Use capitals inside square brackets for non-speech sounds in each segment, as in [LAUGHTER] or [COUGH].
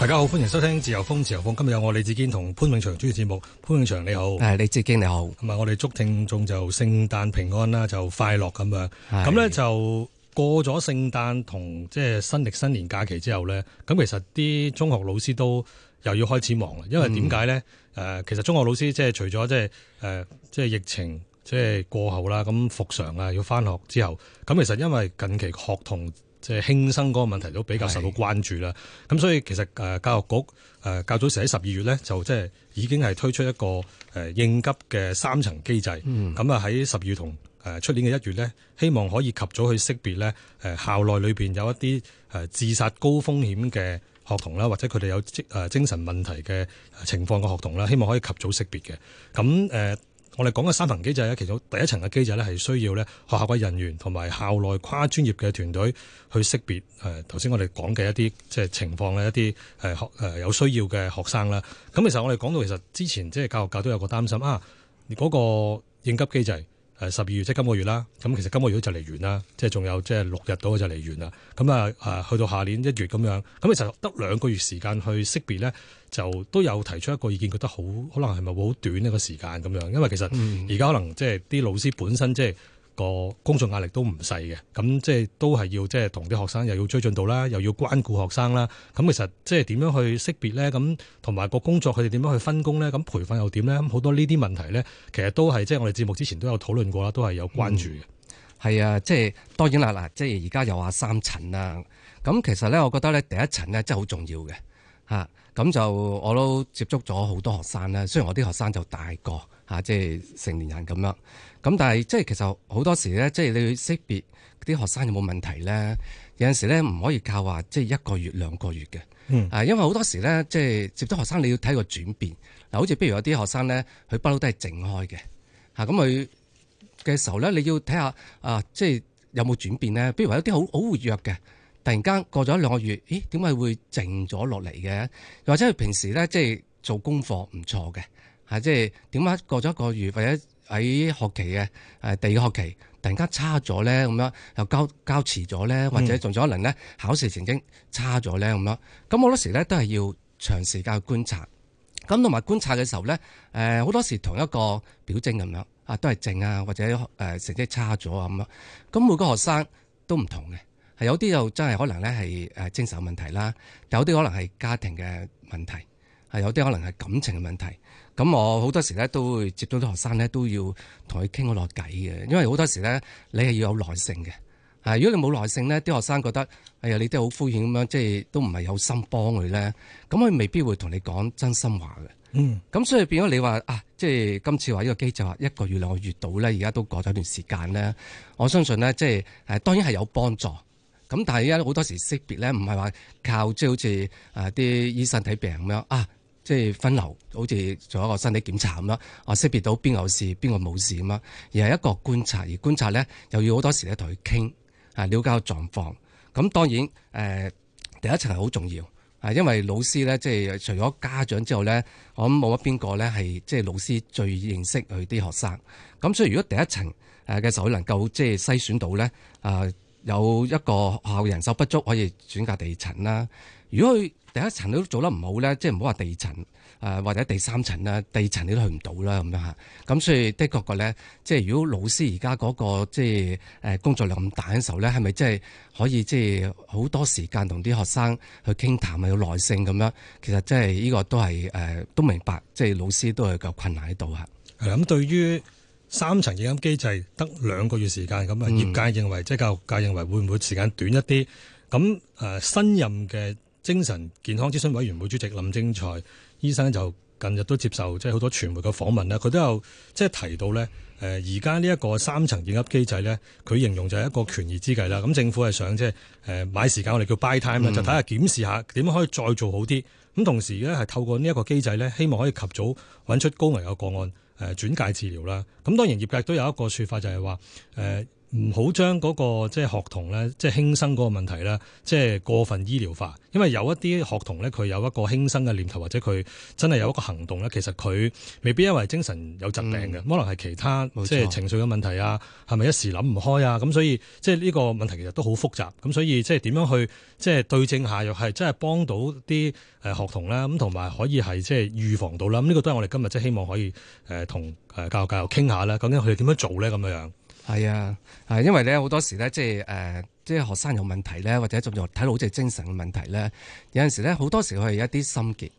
大家好，歡迎收聽自由風，自由風今日有我李志堅同潘永祥主持節目。潘永祥你好，誒李志堅你好。咁啊，我哋祝聽眾就聖誕平安啦，就快樂咁樣。咁咧是就過咗聖誕同即係新曆新年假期之後咧，咁其實啲中學老師都又要開始忙啦。因為點解咧？誒、嗯呃，其實中學老師即係除咗即係誒，即、呃、係、即係、疫情即係、即係、過後啦，咁復常啊，要返學之後，咁其實因為近期學童即係輕生嗰個問題都比較受到關注啦。咁是所以其實誒教育局誒較早時喺十二月呢，就即係已經係推出一個誒應急嘅三層機制。咁啊喺十二月同誒出年嘅一月呢，希望可以及早去識別呢誒校內裏邊有一啲誒自殺高風險嘅學童啦，或者佢哋有精誒精神問題嘅情況嘅學童啦，希望可以及早識別嘅。咁誒。呃我哋講嘅三層機制咧，其中第一層嘅機制咧，係需要咧學校嘅人員同埋校內跨專業嘅團隊去識別誒頭先我哋講嘅一啲即係情況咧，一啲誒學誒有需要嘅學生啦。咁其實我哋講到其實之前即係教育界都有個擔心啊，嗰、這個應急機制。誒十二月即係今個月啦，咁其實今個月就嚟完啦，即係仲有即係六日到就嚟完啦。咁啊誒，去到下年一月咁樣，咁其實得兩個月時間去識別咧，就都有提出一個意見，覺得好可能係咪會好短一、那個時間咁樣？因為其實而家可能、嗯、即係啲老師本身即、就、係、係。個工作壓力都唔細嘅，咁即係都係要即係同啲學生又要追進度啦，又要關顧學生啦。咁其實即係點樣去識別咧？咁同埋個工作佢哋點樣去分工咧？咁培訓又點咧？好多呢啲問題咧，其實都係即係我哋節目之前都有討論過啦，都係有關注嘅。係、嗯、啊，即係當然啦，嗱，即係而家又話三層啊。咁其實咧，我覺得咧，第一層咧真係好重要嘅。吓，咁就我都接觸咗好多學生啦。雖然我啲學生就大個吓，即係成年人咁樣。咁但係即係其實好多時咧，即係你要識別啲學生有冇問題咧，有陣時咧唔可以靠話即係一個月兩個月嘅。啊，嗯、因為好多時咧即係接觸學生你要睇個轉變。嗱，好似譬如有啲學生咧，佢不嬲都係靜開嘅，嚇咁佢嘅時候咧，你要睇下啊，即係有冇轉變咧。譬如話有啲好好活躍嘅，突然間過咗一兩個月，咦，點解會靜咗落嚟嘅？或者佢平時咧即係做功課唔錯嘅，嚇即係點解過咗一個月或者，喺學期嘅誒、呃、第二個學期突然間差咗咧，咁樣又交交遲咗咧，或者仲有可能咧考試成績差咗咧，咁樣咁好多時咧都係要長時間去觀察，咁同埋觀察嘅時候咧，誒、呃、好多時同一個表徵咁樣啊，都係靜啊，或者誒成績差咗啊，咁樣咁每個學生都唔同嘅，係有啲又真係可能咧係誒精神問題啦，有啲可能係家庭嘅問題，係有啲可能係感情嘅問題。咁我好多時咧都會接到啲學生咧都要同佢傾好耐偈嘅，因為好多時咧你係要有耐性嘅，係如果你冇耐性咧，啲學生覺得係啊、哎、你都好敷衍咁樣，即係都唔係有心幫佢咧，咁佢未必會同你講真心話嘅。嗯，咁所以變咗你話啊，即、就、係、是、今次話呢個機制，一個月兩個月到咧，而家都過咗一段時間咧，我相信咧即係誒當然係有幫助，咁但係而家好多時識別咧唔係話靠即係、就是、好似啊啲醫生睇病咁樣啊。即係分流，好似做一個身體檢查咁啦，啊識別到邊有事，邊個冇事咁啦，而係一個觀察，而觀察咧又要好多時咧同佢傾，啊了解佢狀況。咁當然誒、呃、第一層係好重要，啊因為老師咧即係除咗家長之後咧，我諗冇乜邊個咧係即係老師最認識佢啲學生。咁所以如果第一層誒嘅時候能夠即係篩選到咧，啊、呃、有一個學校人手不足，可以轉嫁第二層啦。如果佢第一層都做得唔好咧，即係唔好話第二層，誒、呃、或者第三層啦，第二層你都去唔到啦咁樣嚇。咁所以的確個咧，即係如果老師而家嗰個即係誒工作量咁大嘅時候咧，係咪即係可以即係好多時間同啲學生去傾談，有耐性咁樣？其實真係呢個都係誒、呃、都明白，即係老師都係夠困難喺度嚇。係咁對於三層應急機制得兩個月時間咁啊，業界認為、嗯、即係教育界認為會唔會時間短一啲？咁誒、呃、新任嘅。精神健康諮詢委員會主席林正財醫生就近日都接受即係好多傳媒嘅訪問咧，佢都有即係提到咧，誒而家呢一個三層應急機制咧，佢形容就係一個權宜之計啦。咁政府係想即係誒買時間，我哋叫 buy time，就睇下檢視下點樣可以再做好啲。咁同時咧，係透過呢一個機制咧，希望可以及早揾出高危嘅個案，誒轉介治療啦。咁當然業界都有一個説法就說，就係話誒。唔好將嗰個即係學童咧，即係輕生嗰個問題咧，即係過分醫療化，因為有一啲學童咧，佢有一個輕生嘅念頭，或者佢真係有一個行動咧，其實佢未必因為精神有疾病嘅，嗯、可能係其他即係情緒嘅問題啊，係咪冇錯，一時諗唔開啊？咁所以即係呢個問題其實都好複雜。咁所以即係點樣去即係對症下藥，係真係幫到啲誒學童啦，咁同埋可以係即係預防到啦。咁呢個都係我哋今日即係希望可以誒同誒教育界又傾下啦，究竟佢哋點樣做咧咁樣。係啊，啊，因為咧好多時咧，即係誒、呃，即係學生有問題咧，或者仲要睇到好似精神嘅問題咧，有陣時咧好多時佢係一啲心結，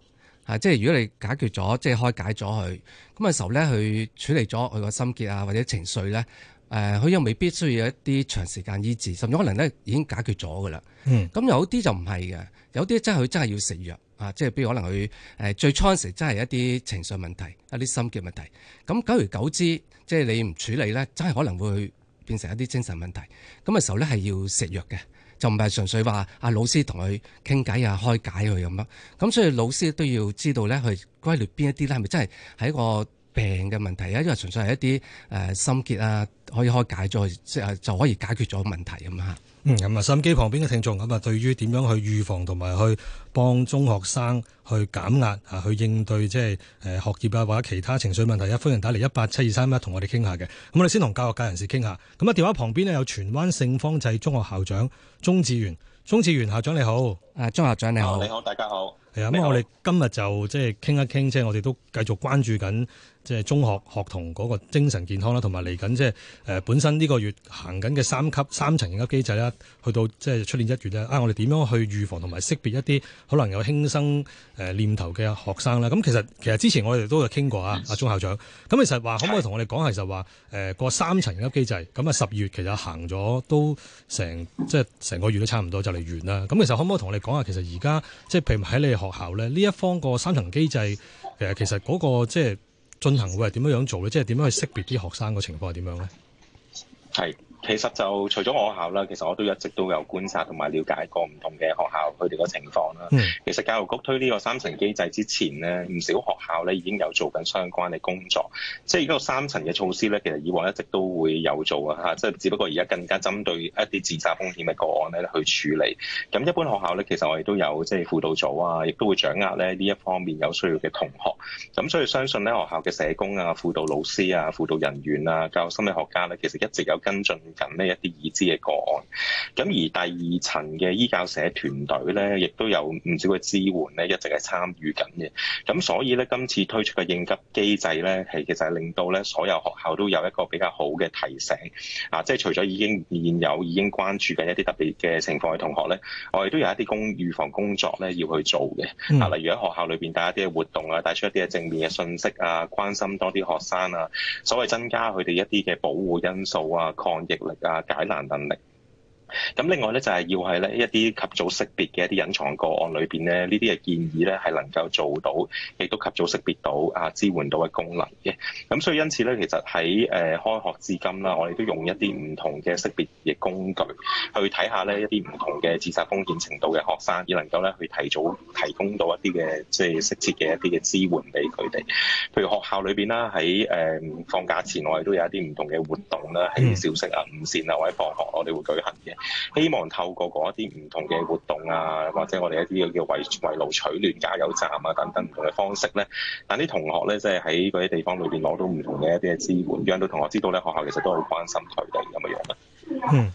啊，即係如果你解決咗，即係開解咗佢，咁嘅時候咧，去處理咗佢個心結啊，或者情緒咧，誒、呃，佢又未必需要一啲長時間醫治，甚至可能咧已經解決咗噶啦。咁、嗯、有啲就唔係嘅，有啲真係佢真係要食藥。啊，即係比如可能佢誒最初嗰時，真係一啲情緒問題，一啲心結問題。咁久而久之，即係你唔處理咧，真係可能會變成一啲精神問題。咁嘅時候咧，係要食藥嘅，就唔係純粹話啊老師同佢傾偈啊，開解佢咁咯。咁所以老師都要知道咧，佢歸類邊一啲咧，係咪真係係個病嘅問題啊？因為純粹係一啲誒心結啊，可以開解咗，即係就可以解決咗問題咁啊。嗯，咁啊、嗯，收音機旁邊嘅聽眾咁啊，對於點樣去預防同埋去幫中學生去減壓啊，去應對即係誒學業啊，或者其他情緒問題咧，歡迎打嚟一八七二三一，同我哋傾下嘅。咁我哋先同教育界人士傾下。咁啊，電話旁邊咧有荃灣聖芳濟中學校長鍾志源，鍾志源校長你好，誒，鍾校長你好，你好，你好，大家好。係啊、嗯，咁我哋今日就即係傾一傾，即係我哋都繼續關注緊。即係中學學童嗰個精神健康啦，同埋嚟緊即係誒本身呢個月行緊嘅三級三層應急機制啦，去到即係出年一月咧，啊我哋點樣去預防同埋識別一啲可能有輕生誒念頭嘅學生啦？咁其實其實之前我哋都有傾過啊，阿鍾校長。咁其實話可唔可以同我哋講，其實話誒個三層應急機制咁啊，十月其實行咗都成即係成個月都差唔多就嚟完啦。咁、啊、其實可唔可以同我哋講下，其實而家即係譬如喺你哋學校咧，呢一方個三層機制，其實其實嗰個即係。進行會係點樣樣做咧？即係點樣去識別啲學生個情況係點樣咧？係。其實就除咗我校啦，其實我都一直都有觀察同埋了解過唔同嘅學校佢哋嘅情況啦。 [NOISE] 其實教育局推呢個三層機制之前咧，唔少學校咧已經有做緊相關嘅工作。即係而家個三層嘅措施咧，其實以往一直都會有做啊。嚇，即係只不過而家更加針對一啲自殺風險嘅個案咧去處理。咁一般學校咧，其實我哋都有即係輔導組啊，亦都會掌握咧呢一方面有需要嘅同學。咁所以相信咧學校嘅社工啊、輔導老師啊、輔導人員啊、教育心理學家咧，其實一直有跟進。緊呢一啲已知嘅個案，咁而第二層嘅醫教社團隊咧，亦都有唔少嘅支援咧，一直係參與緊嘅。咁所以咧，今次推出嘅應急機制咧，係其實係令到咧所有學校都有一個比較好嘅提醒啊！即係除咗已經現有已經關注緊一啲特別嘅情況嘅同學咧，我哋都有一啲工預防工作咧要去做嘅啊！例如喺學校裏邊帶一啲嘅活動啊，帶出一啲嘅正面嘅信息啊，關心多啲學生啊，所謂增加佢哋一啲嘅保護因素啊，抗疫力啊，解難能力。咁另外咧就係要係咧一啲及早識別嘅一啲隱藏個案裏邊咧，呢啲嘅建議咧係能夠做到，亦都及早識別到啊支援到嘅功能嘅。咁所以因此咧，其實喺誒開學至今啦，我哋都用一啲唔同嘅識別嘅工具去睇下咧一啲唔同嘅自殺風險程度嘅學生，亦能夠咧去提早提供到一啲嘅即係適切嘅一啲嘅支援俾佢哋。譬如學校裏邊啦，喺誒、呃、放假前我哋都有一啲唔同嘅活動啦，喺小息啊、午膳啊或者放學我哋會舉行嘅。希望透過嗰一啲唔同嘅活動啊，或者我哋一啲嘅叫為為路取暖加油站啊等等唔同嘅方式咧，但啲同學咧即係喺嗰啲地方裏邊攞到唔同嘅一啲嘅支援，讓到同學知道咧學校其實都好關心佢哋咁嘅樣啊。嗯，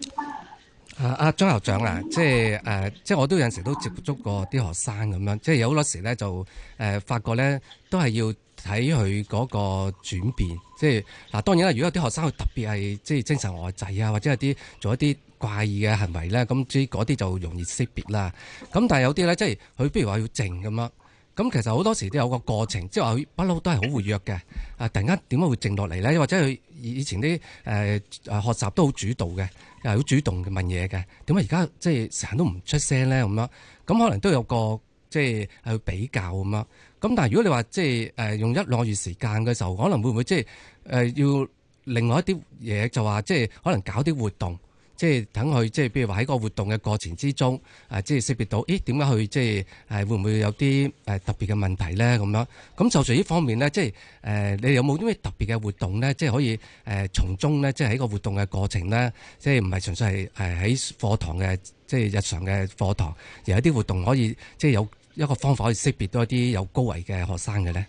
啊阿張校長啊，即係誒，即係我都有時都接觸過啲學生咁樣，即係有好多時咧就誒發覺咧都係要睇佢嗰個轉變，即係嗱當然啦，如果有啲學生佢特別係即係精神外滯啊，或者有啲做一啲怪異嘅行為咧，咁至於嗰啲就容易識別啦。咁但係有啲咧，即係佢，譬如話要靜咁樣咁，其實好多時都有個過程，即係話佢不嬲都係好活躍嘅。啊，突然間點解會靜落嚟咧？或者佢以前啲誒誒學習都好主動嘅，又好主動問嘢嘅，點解而家即係成日都唔出聲咧？咁樣咁可能都有個即係去比較咁啦。咁但係如果你話即係誒、呃、用一兩個月時間嘅時候，可能會唔會即係誒、呃、要另外一啲嘢，就話即係可能搞啲活動？即係等佢，即係譬如話喺個活動嘅過程之中，誒即係識別到，咦點解佢即係誒會唔會有啲誒、呃、特別嘅問題咧？咁樣咁就隨呢方面咧，即係誒、呃、你有冇啲咩特別嘅活動咧？即係可以誒、呃、從中咧，即係喺個活動嘅過程咧，即係唔係純粹係誒喺課堂嘅即係日常嘅課堂，而有啲活動可以即係有一個方法可以識別到一啲有高危嘅學生嘅咧。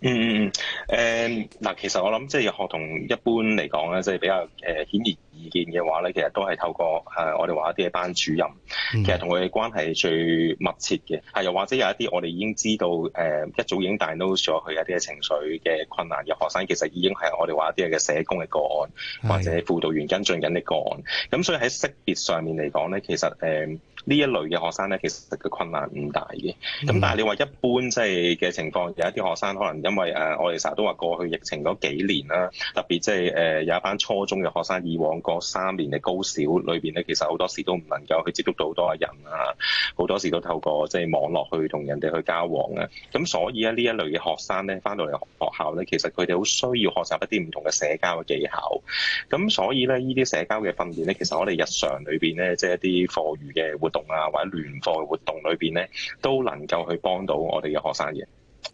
嗯嗯嗯，誒、嗯、嗱，其實我諗即係學童一般嚟講咧，即、就、係、是、比較誒顯而易見嘅話咧，其實都係透過誒、呃、我哋話一啲嘅班主任，嗯、其實同佢哋關係最密切嘅，啊又或者有一啲我哋已經知道誒、呃、一早已經大 n 咗佢一啲嘅情緒嘅困難，有學生其實已經係我哋話一啲嘅社工嘅個案，或者輔導員跟進緊嘅個案，咁是所以喺識別上面嚟講咧，其實誒、呃呢一類嘅學生咧，其實嘅困難唔大嘅。咁但係你話一般即係嘅情況，有一啲學生可能因為誒、啊，我哋成日都話過去疫情嗰幾年啦，特別即係誒有一班初中嘅學生，以往嗰三年嘅高小裏邊咧，其實好多時都唔能夠去接觸到好多嘅人啊，好多時都透過即係、就是、網絡去同人哋去交往啊。咁所以咧呢一類嘅學生咧，翻到嚟學校咧，其實佢哋好需要學習一啲唔同嘅社交嘅技巧。咁、啊、所以咧呢啲社交嘅訓練咧，其實我哋日常裏邊咧，即、就、係、是、一啲課餘嘅活動啊，或者聯課活動裏邊咧，都能夠去幫到我哋嘅學生嘅。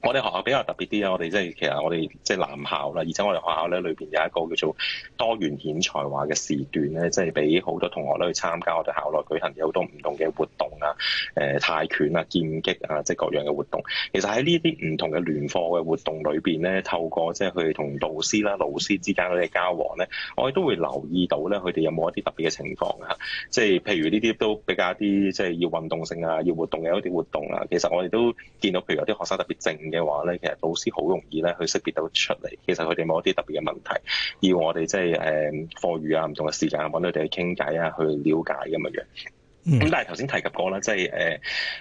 我哋學校比較特別啲啊！我哋即係其實我哋即係男校啦，而且我哋學校咧裏邊有一個叫做多元顯才華嘅時段咧，即係俾好多同學咧去參加我哋校內舉行嘅好多唔同嘅活動啊，誒、呃、泰拳啊、劍擊啊，即係各樣嘅活動。其實喺呢啲唔同嘅聯課嘅活動裏邊咧，透過即係去同導師啦、老師之間嗰啲交往咧，我哋都會留意到咧，佢哋有冇一啲特別嘅情況啊？即係譬如呢啲都比較啲即係要運動性啊、要活動嘅一啲活動啊。其實我哋都見到，譬如有啲學生特別靜嘅。嘅話咧，其實老師好容易咧，去識別到出嚟，其實佢哋某一啲特別嘅問題，要我哋即係誒課餘啊，唔同嘅時間啊，揾佢哋去傾偈啊，去了解咁樣樣。咁、嗯、但係頭先提及過啦，即係誒、呃，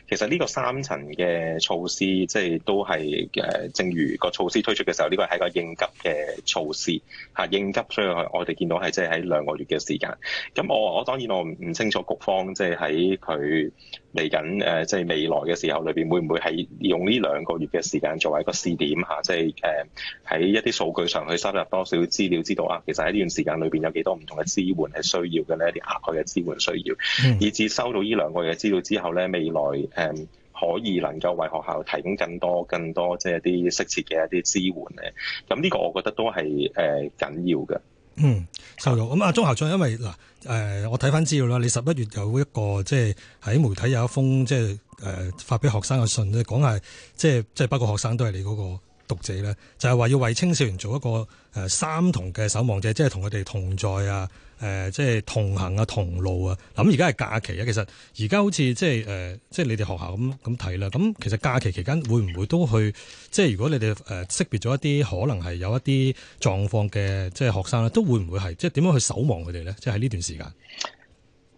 其實呢個三層嘅措施，即係都係誒、呃，正如個措施推出嘅時候，呢、這個係一個應急嘅措施嚇、啊，應急所以佢我哋見到係即係喺兩個月嘅時間。咁、啊、我我當然我唔清楚局方即係喺佢嚟緊誒，即係未來嘅、呃、時候裏邊會唔會係用呢兩個月嘅時間作為一個試點嚇、啊，即係誒喺一啲數據上去收集多少資料，知道啊，其實喺呢段時間裏邊有幾多唔同嘅支援係需要嘅呢？一啲額外嘅支援需要，以致。收到呢兩個人嘅資料之後咧，未來誒、嗯、可以能夠為學校提供更多更多即係一啲適切嘅一啲支援咧。咁呢個我覺得都係誒緊要嘅。嗯，收到。咁啊，鍾校長，因為嗱誒、呃，我睇翻資料啦，你十一月有一個即係喺媒體有一封即係誒發俾學生嘅信咧，講係即係即係包括學生都係你嗰個讀者咧，就係、是、話要為青少年做一個誒、呃、三同嘅守望者，即係同佢哋同在啊。誒、呃，即係同行啊，同路啊，咁而家係假期啊，其實而家好似即係誒，即係你哋學校咁咁睇啦。咁其實假期期間會唔會都去？即係如果你哋誒識別咗一啲可能係有一啲狀況嘅即係學生咧，都會唔會係即係點樣去守望佢哋咧？即係喺呢段時間。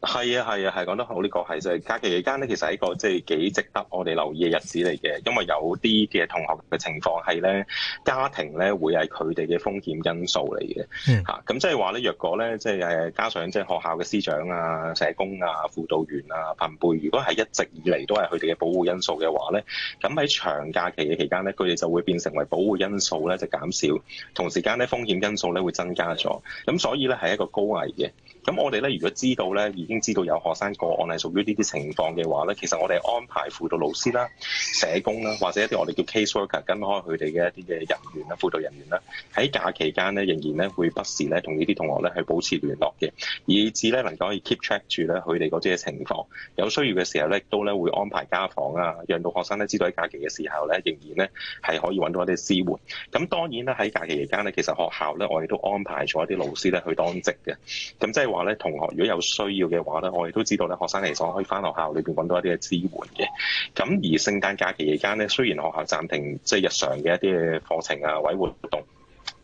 係啊，係啊，係講得好呢個係，就係假期期間咧，其實係一個即係幾值得我哋留意嘅日子嚟嘅，因為有啲嘅同學嘅情況係咧，家庭咧會係佢哋嘅風險因素嚟嘅，嚇咁、嗯啊、即係話咧，若果咧即係加上即係學校嘅師長啊、社工啊、輔導員啊、朋輩，如果係一直以嚟都係佢哋嘅保護因素嘅話咧，咁喺長假期嘅期間咧，佢哋就會變成為保護因素咧就減少，同時間咧風險因素咧會增加咗，咁所以咧係一個高危嘅。咁我哋咧，如果知道咧，已經知道有學生個案係屬於呢啲情況嘅話咧，其實我哋安排輔導老師啦、社工啦，或者一啲我哋叫 case worker 跟開佢哋嘅一啲嘅人員啦、輔導人員啦，喺假期間咧，仍然咧會不時咧同呢啲同學咧去保持聯絡嘅，以至咧能夠可以 keep track 住咧佢哋嗰啲嘅情況。有需要嘅時候咧，亦都咧會安排家訪啊，讓到學生咧知道喺假期嘅時候咧，仍然咧係可以揾到一啲支援。咁當然咧喺假期期間咧，其實學校咧我哋都安排咗一啲老師咧去當值嘅。咁即係話。話咧同學如果有需要嘅話咧，我哋都知道咧學生嚟講可以翻學校裏邊揾到一啲嘅支援嘅。咁而聖誕假期期間咧，雖然學校暫停即係日常嘅一啲嘅課程啊、委會活動。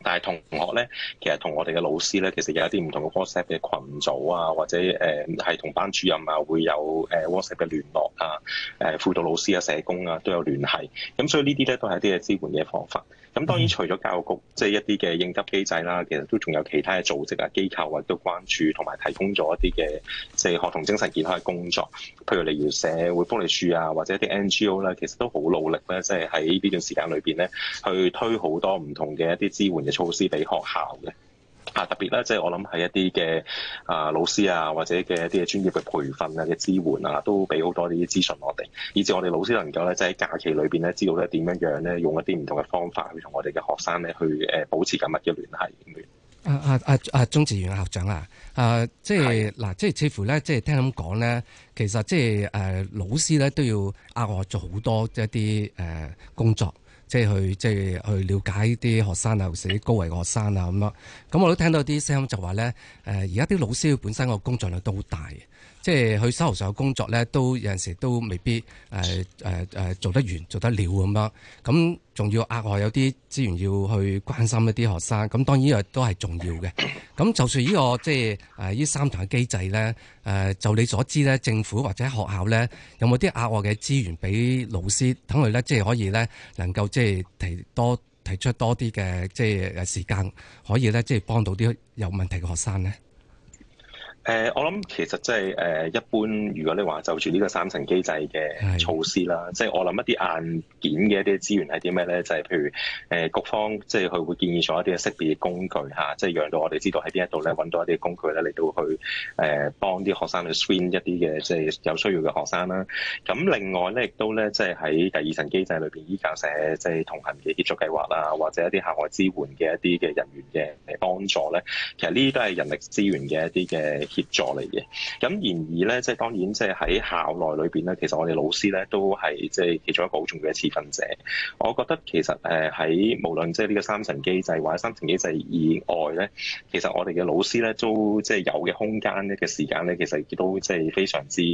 但係同學咧，其實同我哋嘅老師咧，其實有一啲唔同嘅 WhatsApp 嘅群組啊，或者誒係、呃、同班主任啊會有誒 WhatsApp 嘅聯絡啊，誒、呃、輔導老師啊、社工啊都有聯繫。咁所以呢啲咧都係一啲嘅支援嘅方法。咁當然除咗教育局，即、就、係、是、一啲嘅應急機制啦、啊，其實都仲有其他嘅組織啊、機構啊都關注同埋提供咗一啲嘅即係學童精神健康嘅工作。譬如例如社會福利署啊，或者一啲 NGO 咧、啊，其實都好努力咧，即係喺呢段時間裏邊咧，去推好多唔同嘅一啲支援措施俾學校嘅啊，特別咧，即係我諗係一啲嘅啊老師啊，或者嘅一啲嘅專業嘅培訓啊嘅支援啊，都俾好多呢啲資訊我哋，以至我哋老師能夠咧，即係喺假期裏邊咧，知道咧點樣樣咧，用一啲唔同嘅方法去同我哋嘅學生咧，去誒保持緊密嘅聯繫啊。啊啊啊啊！鍾志源校長啊，啊即係嗱，即係似乎咧，即係聽咁講咧，其實即係誒老師咧都要額外做好多一啲誒工作。即係去，即係去了解啲學生啊，或者啲高危嘅學生啊咁樣。咁我都聽到啲聲音就，就話咧，誒而家啲老師本身個工作量都好大嘅。即係去收學上嘅工作咧，都有陣時都未必誒誒誒做得完做得了咁樣，咁仲要額外有啲資源要去關心一啲學生，咁當然又都係重要嘅。咁就算呢、呢個即係誒依三層嘅機制咧，誒、呃、就你所知咧，政府或者學校咧，有冇啲額外嘅資源俾老師等佢咧，即係可以咧能夠即係提多提出多啲嘅即係時間，可以咧即係幫到啲有問題嘅學生咧？誒、呃，我諗其實即係誒，一般如果你話就住呢個三層機制嘅措施啦，的即係我諗一啲硬件嘅一啲資源係啲咩咧？就係、是、譬如誒、呃，局方即係佢會建議咗一啲嘅識別工具嚇、啊，即係讓到我哋知道喺邊一度咧揾到一啲工具咧嚟到去誒幫啲學生去 screen 一啲嘅即係有需要嘅學生啦。咁另外咧亦都咧即係喺第二層機制裏邊，醫教社即係同行嘅協助計劃啦，或者一啲校外支援嘅一啲嘅人員嘅幫助咧，其實呢啲都係人力資源嘅一啲嘅。協助嚟嘅，咁然而咧，即係當然，即係喺校內裏邊咧，其實我哋老師咧都係即係其中一個好重要嘅持份者。我覺得其實誒喺無論即係呢個三層機制或者三層機制以外咧，其實我哋嘅老師咧都即係有嘅空間呢，嘅時間咧，其實亦都即係非常之誒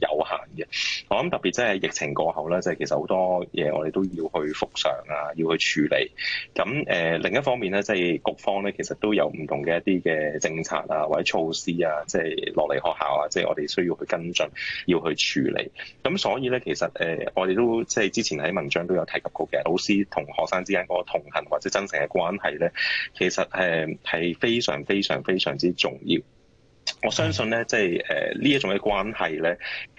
有限嘅。我諗特別即係疫情過後咧，即係其實好多嘢我哋都要去復常啊，要去處理。咁誒、呃、另一方面咧，即係局方咧，其實都有唔同嘅一啲嘅政策啊，或者措施啊。即係落嚟學校啊！即係我哋需要去跟進，要去處理。咁所以咧，其實誒、呃，我哋都即係之前喺文章都有提及過嘅，老師同學生之間嗰個同行或者真誠嘅關係咧，其實誒係非常非常非常之重要。我相信咧，即係誒呢一種嘅關係咧，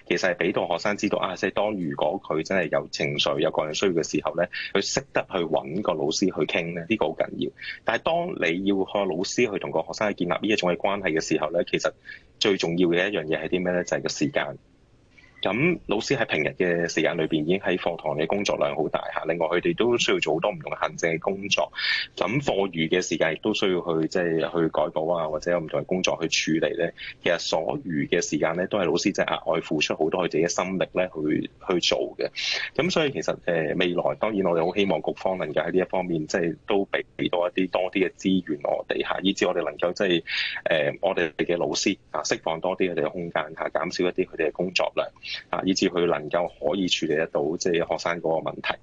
其實係俾到學生知道啊，即係當如果佢真係有情緒、有個人需要嘅時候咧，佢識得去搵個老師去傾咧，呢個好緊要。但係當你要向老師去同個學生去建立呢一種嘅關係嘅時候咧，其實最重要嘅一樣嘢係啲咩咧？就係個時間。咁老師喺平日嘅時間裏邊已經喺課堂嘅工作量好大嚇，另外佢哋都需要做好多唔同嘅行政嘅工作，咁課餘嘅時間亦都需要去即係、就是、去改簿啊，或者有唔同嘅工作去處理咧。其實所餘嘅時間咧，都係老師即係額外付出好多佢哋嘅心力咧去去做嘅。咁所以其實誒未來當然我哋好希望局方能夠喺呢一方面即係、就是、都俾俾多一啲多啲嘅資源我哋嚇，以至我哋能夠即係誒我哋嘅老師啊釋放多啲佢哋嘅空間嚇，減少一啲佢哋嘅工作量。啊，以至佢能夠可以處理得到即係學生嗰個問題。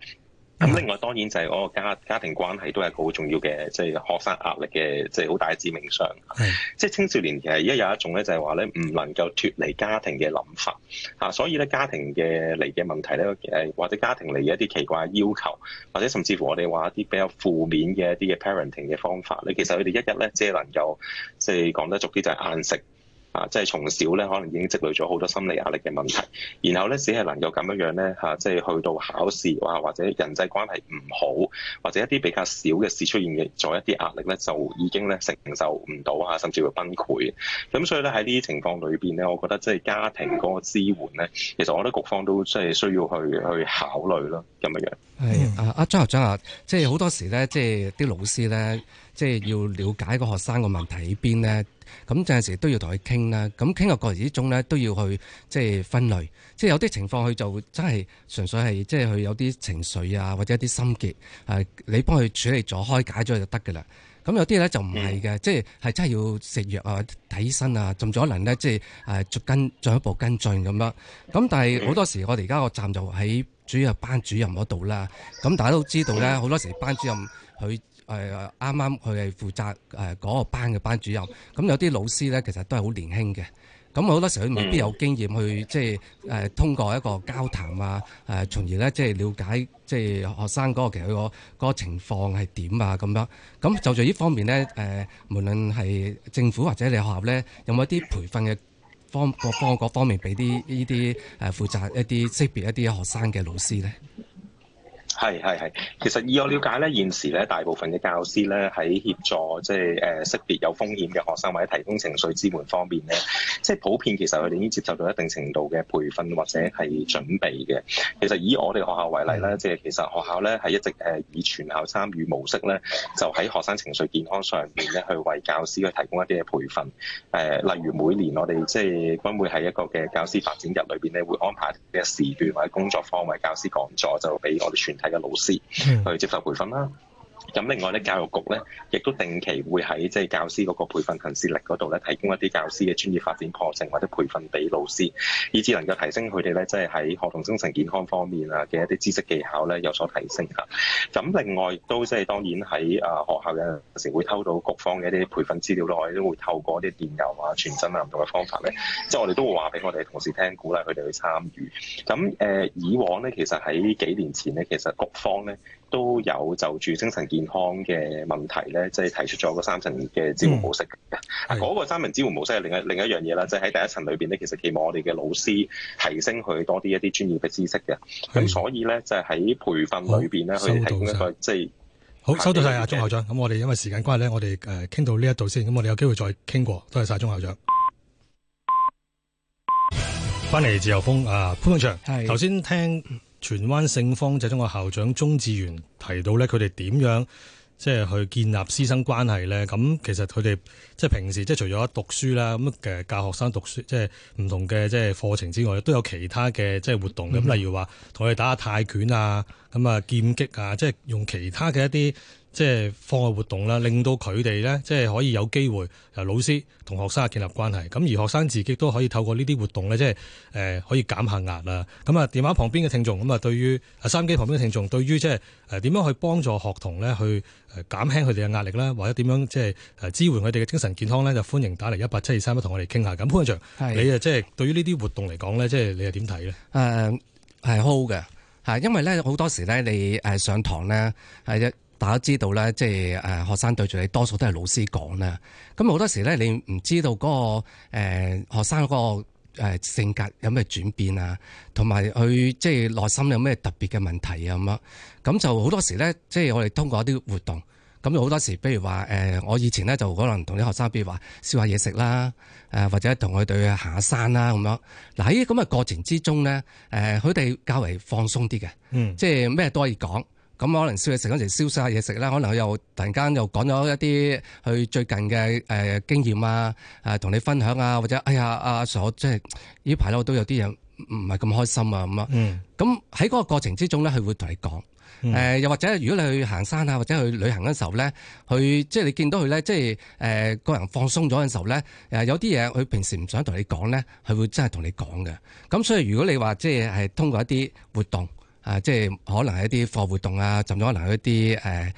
咁、mm hmm. 另外當然就係嗰個家家庭關係都係一個好重要嘅，即係學生壓力嘅即係好大致命傷。係即係青少年其實而家有一種咧就係話咧唔能夠脫離家庭嘅諗法。啊，所以咧家庭嘅嚟嘅問題咧誒，或者家庭嚟嘅一啲奇怪要求，或者甚至乎我哋話一啲比較負面嘅一啲嘅 parenting 嘅方法咧，其實佢哋一日咧即係能夠即係、就是、講得俗啲就係硬食。啊，即係從小咧，可能已經積累咗好多心理壓力嘅問題，然後咧只係能夠咁樣樣咧嚇，即係去到考試哇、啊，或者人際關係唔好，或者一啲比較少嘅事出現嘅，咗一啲壓力咧就已經咧承受唔到啊，甚至會崩潰。咁所以咧喺呢啲情況裏邊咧，我覺得即係家庭嗰個支援咧，其實我覺得局方都即係需要去去考慮咯咁樣樣。係、嗯、啊，阿張校長啊，即係好多時咧，即係啲老師咧，即係要了解個學生個問題喺邊咧。咁有陣時都要同佢傾啦，咁傾嘅過程之中咧，都要去即係分類，即係有啲情況佢就真係純粹係即係佢有啲情緒啊，或者一啲心結，誒、啊、你幫佢處理咗、開解咗就得㗎啦。咁有啲咧就唔係嘅，嗯、即係係真係要食藥啊、睇醫生啊，甚至可能咧即係誒、啊、跟進一步跟進咁樣。咁但係好多時我哋而家個站就喺主要班主任嗰度啦。咁大家都知道咧，好多時班主任佢。誒、啱啱佢係負責誒嗰個班嘅班主任，咁有啲老師咧，其實都係好年輕嘅，咁好多時候未必有經驗去即係誒、呃、通過一個交談啊，誒、呃、從而咧即係了解即係學生嗰、嗰個其實、嗰個嗰、嗰個、情況係點啊咁樣。咁就在呢方面咧，誒、呃、無論係政府或者你學校咧，有冇一啲培訓嘅方各方方面俾啲呢啲誒負責一啲識別一啲學生嘅老師咧？係係係，其實以我了解咧，現時咧大部分嘅教師咧喺協助即係誒、呃、識別有風險嘅學生或者提供情緒支援方面咧，即係普遍其實佢哋已經接受到一定程度嘅培訓或者係準備嘅。其實以我哋學校為例咧，即係其實學校咧係一直誒以全校參與模式咧，就喺學生情緒健康上面咧去為教師去提供一啲嘅培訓。誒、呃，例如每年我哋即係均會喺一個嘅教師發展日裏邊咧，會安排嘅時段或者工作坊為教師講座，就俾我哋全體嘅老師去接受培訓啦。 [NOISE] 咁另外咧，教育局咧亦都定期會喺即係教師嗰個培訓行事曆嗰度咧，提供一啲教師嘅專業發展課程或者培訓俾老師，以至能夠提升佢哋咧，即係喺學童精神健康方面啊嘅一啲知識技巧咧有所提升嚇。咁另外亦都即係當然喺啊學校有陣時會偷到局方嘅一啲培訓資料咯，亦都會透過一啲電郵啊、傳真啊唔同嘅方法咧，即係我哋都會話俾我哋同事聽，鼓勵佢哋去參與。咁誒以往咧，其實喺幾年前咧，其實局方咧都有就住精神健康嘅問題咧，即係提出咗個三層嘅支援模式嘅。嗱，嗰個三層支援模式係另一另一樣嘢啦，即係喺第一層裏邊咧，其實期望我哋嘅老師提升佢多啲一啲專業嘅知識嘅。咁所以咧，就喺培訓裏邊咧，去提供一個即係。好，收到晒啊，鍾校長。咁我哋因為時間關係咧，我哋誒傾到呢一度先。咁我哋有機會再傾過。多謝晒，鍾校長。翻嚟自由風啊，潘永祥。係。頭先聽。荃灣聖芳濟中學校長鍾志源提到咧，佢哋點樣即係去建立師生關係咧？咁其實佢哋即係平時即係除咗讀書啦，咁誒教學生讀書，即係唔同嘅即係課程之外，都有其他嘅即係活動，咁例如話同佢哋打下泰拳啊，咁啊劍擊啊，即係用其他嘅一啲。即係課外活動啦，令到佢哋咧，即係可以有機會，誒，老師同學生啊，建立關係。咁而學生自己都可以透過呢啲活動咧，即係誒，可以減下壓啦。咁啊，電話旁邊嘅聽眾，咁啊，對於誒，收音機旁邊嘅聽眾，對於即係誒，點樣去幫助學童咧，去誒減輕佢哋嘅壓力啦，或者點樣即係誒支援佢哋嘅精神健康咧，就歡迎打嚟一八七二三一，同我哋傾下。咁潘永祥，你啊，即係對於呢啲活動嚟講咧，即係你啊，點睇咧？誒，係好嘅，吓，因為咧好多時咧，你誒上堂咧係一。大家知道咧，即係誒學生對住你，多數都係老師講啦。咁好多時咧，你唔知道嗰個誒學生嗰個性格有咩轉變啊，同埋佢即係內心有咩特別嘅問題啊咁樣。咁就好多時咧，即係我哋通過一啲活動，咁就好多時，譬如話誒，我以前咧就可能同啲學生，比如話燒下嘢食啦，誒或者同佢對下行下山啦咁樣。嗱喺咁嘅過程之中咧，誒佢哋較為放鬆啲嘅，嗯，即係咩都可以講。咁可能消嘢食嗰陣時消下嘢食啦，可能佢又突然間又講咗一啲佢最近嘅誒經驗啊，誒同你分享啊，或者哎呀阿 Sir，即係呢排咧我都有啲嘢唔係咁開心啊咁啊。咁喺嗰個過程之中咧，佢會同你講。誒、嗯、又或者如果你去行山啊，或者去旅行嘅時候咧，佢即係你見到佢咧，即係誒、呃、個人放鬆咗嘅時候咧，誒有啲嘢佢平時唔想同你講咧，佢會真係同你講嘅。咁所以如果你話即係係通過一啲活動。啊，即係可能係一啲課活動啊，甚至可能去一啲誒誒誒一啲，呃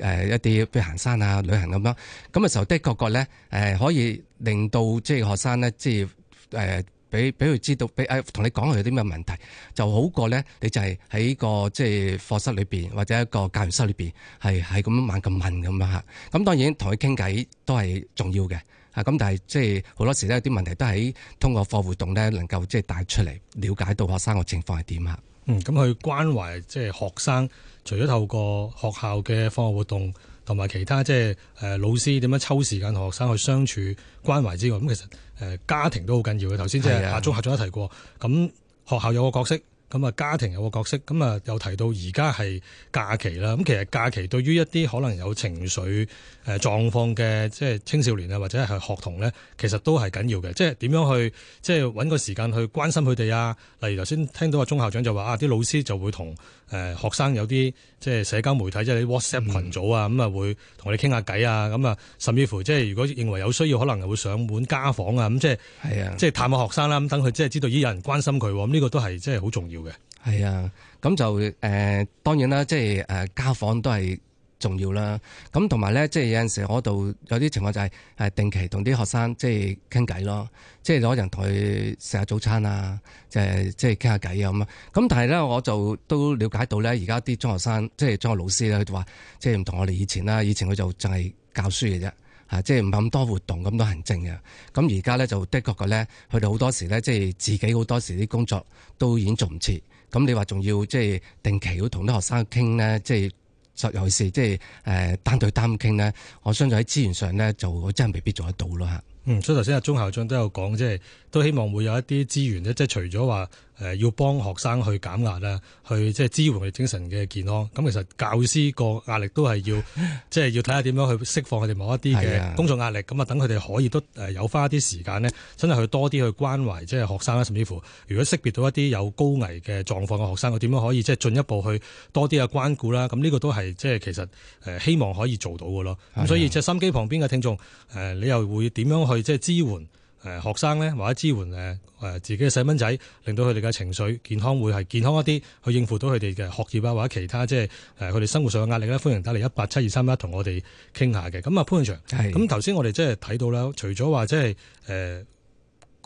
呃呃、譬如行山啊、旅行咁樣。咁嘅時候，的確個咧，誒可以令到即係學生咧，即係誒畀畀佢知道，畀誒同你講佢有啲咩問題，就好過咧，你就係喺個即係課室裏邊或者一個教員室裏邊，係係咁猛咁問咁樣嚇。咁當然同佢傾偈都係重要嘅嚇，咁但係即係好多時咧有啲問題都係通過課活動咧，能夠即係帶出嚟，了解到學生嘅情況係點嚇。嗯，咁去關懷即係學生，除咗透過學校嘅課外活動同埋其他即係誒老師點樣抽時間同學生去相處關懷之外，咁其實誒、呃、家庭都好緊要嘅。頭先即係阿鍾校長都提過，咁學校有個角色。咁啊，家庭有個角色，咁啊，又提到而家係假期啦。咁其實假期對於一啲可能有情緒誒狀況嘅即係青少年啊，或者係學童呢，其實都係緊要嘅。即係點樣去即係揾個時間去關心佢哋啊？例如頭先聽到阿鍾校長就話啊，啲老師就會同，誒、呃、學生有啲即係社交媒體即係啲 WhatsApp 群組啊，咁啊、嗯、會同你傾下偈啊，咁啊甚至乎即係如果認為有需要，可能係會上門家訪啊，咁即係係啊，即係、啊、探下學生啦、啊，咁等佢即係知道依有人關心佢，咁、這、呢個都係即係好重要嘅。係啊，咁就誒、呃、當然啦，即係誒、呃、家訪都係。重要啦，咁同埋咧，即係有陣時我度有啲情況就係係定期同啲學生即係傾偈咯，即係攞人同佢食下早餐啊，即係即係傾下偈啊咁啊。咁但係咧，我就都了解到咧，而家啲中學生即係中學老師咧，佢就話即係唔同我哋以前啦，以前佢就淨係教書嘅啫，嚇，即係唔係咁多活動，咁多行政嘅。咁而家咧就的確嘅咧，佢哋好多時咧，即係自己好多時啲工作都已經做唔切。咁你話仲要即係定期要同啲學生傾咧，即係？就尤其是，即係誒單對單傾呢。我相信喺資源上呢，就我真係未必做得到咯嚇。嗯，所以頭先阿鍾校長都有講，即係都希望會有一啲資源咧，即係除咗話。誒要幫學生去減壓啦，去即係支援佢精神嘅健康。咁其實教師個壓力都係要，即係 [LAUGHS] 要睇下點樣去釋放佢哋某一啲嘅工作壓力。咁啊，等佢哋可以都誒有返一啲時間呢，真係去多啲去關懷即係學生啦。甚至乎，如果識別到一啲有高危嘅狀況嘅學生，我點樣可以即係進一步去多啲嘅關顧啦？咁、這、呢個都係即係其實誒希望可以做到㗎咯。咁 [LAUGHS] 所以隻心機旁邊嘅聽眾，誒你又會點樣去即係支援？誒學生咧，或者支援誒誒自己嘅細蚊仔，令到佢哋嘅情緒健康會係健康一啲，去應付到佢哋嘅學業啊，或者其他即係誒佢哋生活上嘅壓力咧。歡迎打嚟一八七二三一同我哋傾下嘅。咁、嗯、啊，潘俊祥，係。咁頭先我哋即係睇到啦，除咗話即係誒。呃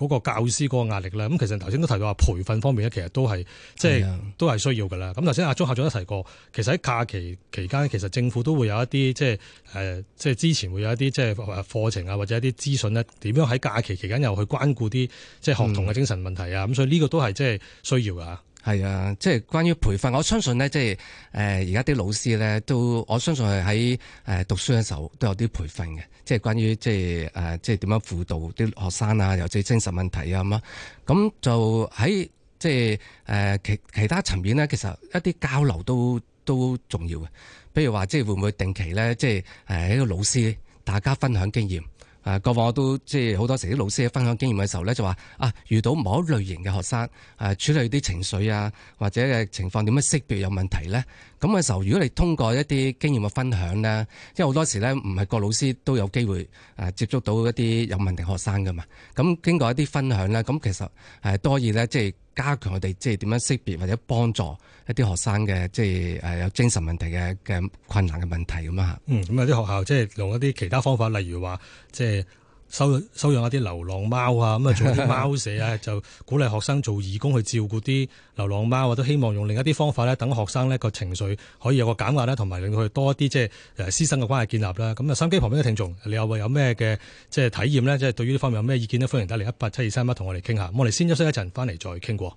嗰個教師嗰個壓力咧，咁其實頭先都提到話培訓方面咧，其實都係即係都係需要噶啦。咁頭先阿鍾校長都提過，其實喺假期期間，其實政府都會有一啲即係誒，即、呃、係之前會有一啲即係課程啊，或者一啲資訊咧，點樣喺假期期間又去關顧啲即係學童嘅精神問題啊？咁、嗯、所以呢個都係即係需要噶。係啊，即係關於培訓，我相信咧，即係誒而家啲老師咧都我相信係喺誒讀書嘅時候都有啲培訓嘅，即係關於即係誒、呃、即係點樣輔導啲學生啊，又即係精神問題啊咁啊。咁就喺即係誒、呃、其其他層面咧，其實一啲交流都都重要嘅，譬如話即係會唔會定期咧，即係誒、呃、一個老師大家分享經驗。啊，過往我都即係好多時啲老師喺分享經驗嘅時候咧，就話啊遇到某一類型嘅學生，誒、啊、處理啲情緒啊或者嘅情況點樣識別有問題咧，咁嘅時候，如果你通過一啲經驗嘅分享咧，因為好多時咧唔係個老師都有機會誒接觸到一啲有問題學生噶嘛，咁經過一啲分享咧，咁其實誒多啲咧即係加強我哋即係點樣識別或者幫助。一啲學生嘅即係誒有精神問題嘅嘅困難嘅問題咁啊，嗯，咁有啲學校即係用一啲其他方法，例如話即係收收養一啲流浪貓啊，咁啊做啲貓舍啊，就鼓勵學生做義工去照顧啲流浪貓，都希望用另一啲方法咧，等學生呢個情緒可以有個減壓啦，同埋令佢多一啲即係誒師生嘅關係建立啦。咁啊，收音機旁邊嘅聽眾，你有有咩嘅即係體驗呢？即係對於呢方面有咩意見呢？歡迎打嚟一八七二三一，同我哋傾下。咁我哋先休息一陣，翻嚟再傾過。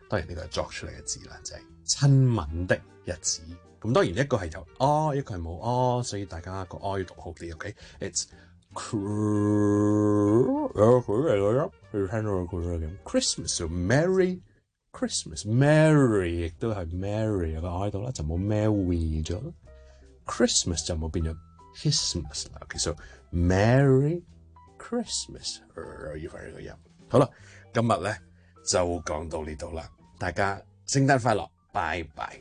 當然呢個係作出嚟嘅字啦，就係親吻的日子。咁當然一個係有哦，一個係冇哦，所以大家個哦要讀好啲。Okay，it's Christmas or merry Christmas merry 亦都係 merry 個哦喺度啦，就冇咩韻咗。Christmas 就冇變咗 Christmas 啦。其實 merry Christmas 要發呢個音。好啦，今日咧就講到呢度啦。大家聖誕快樂，拜拜！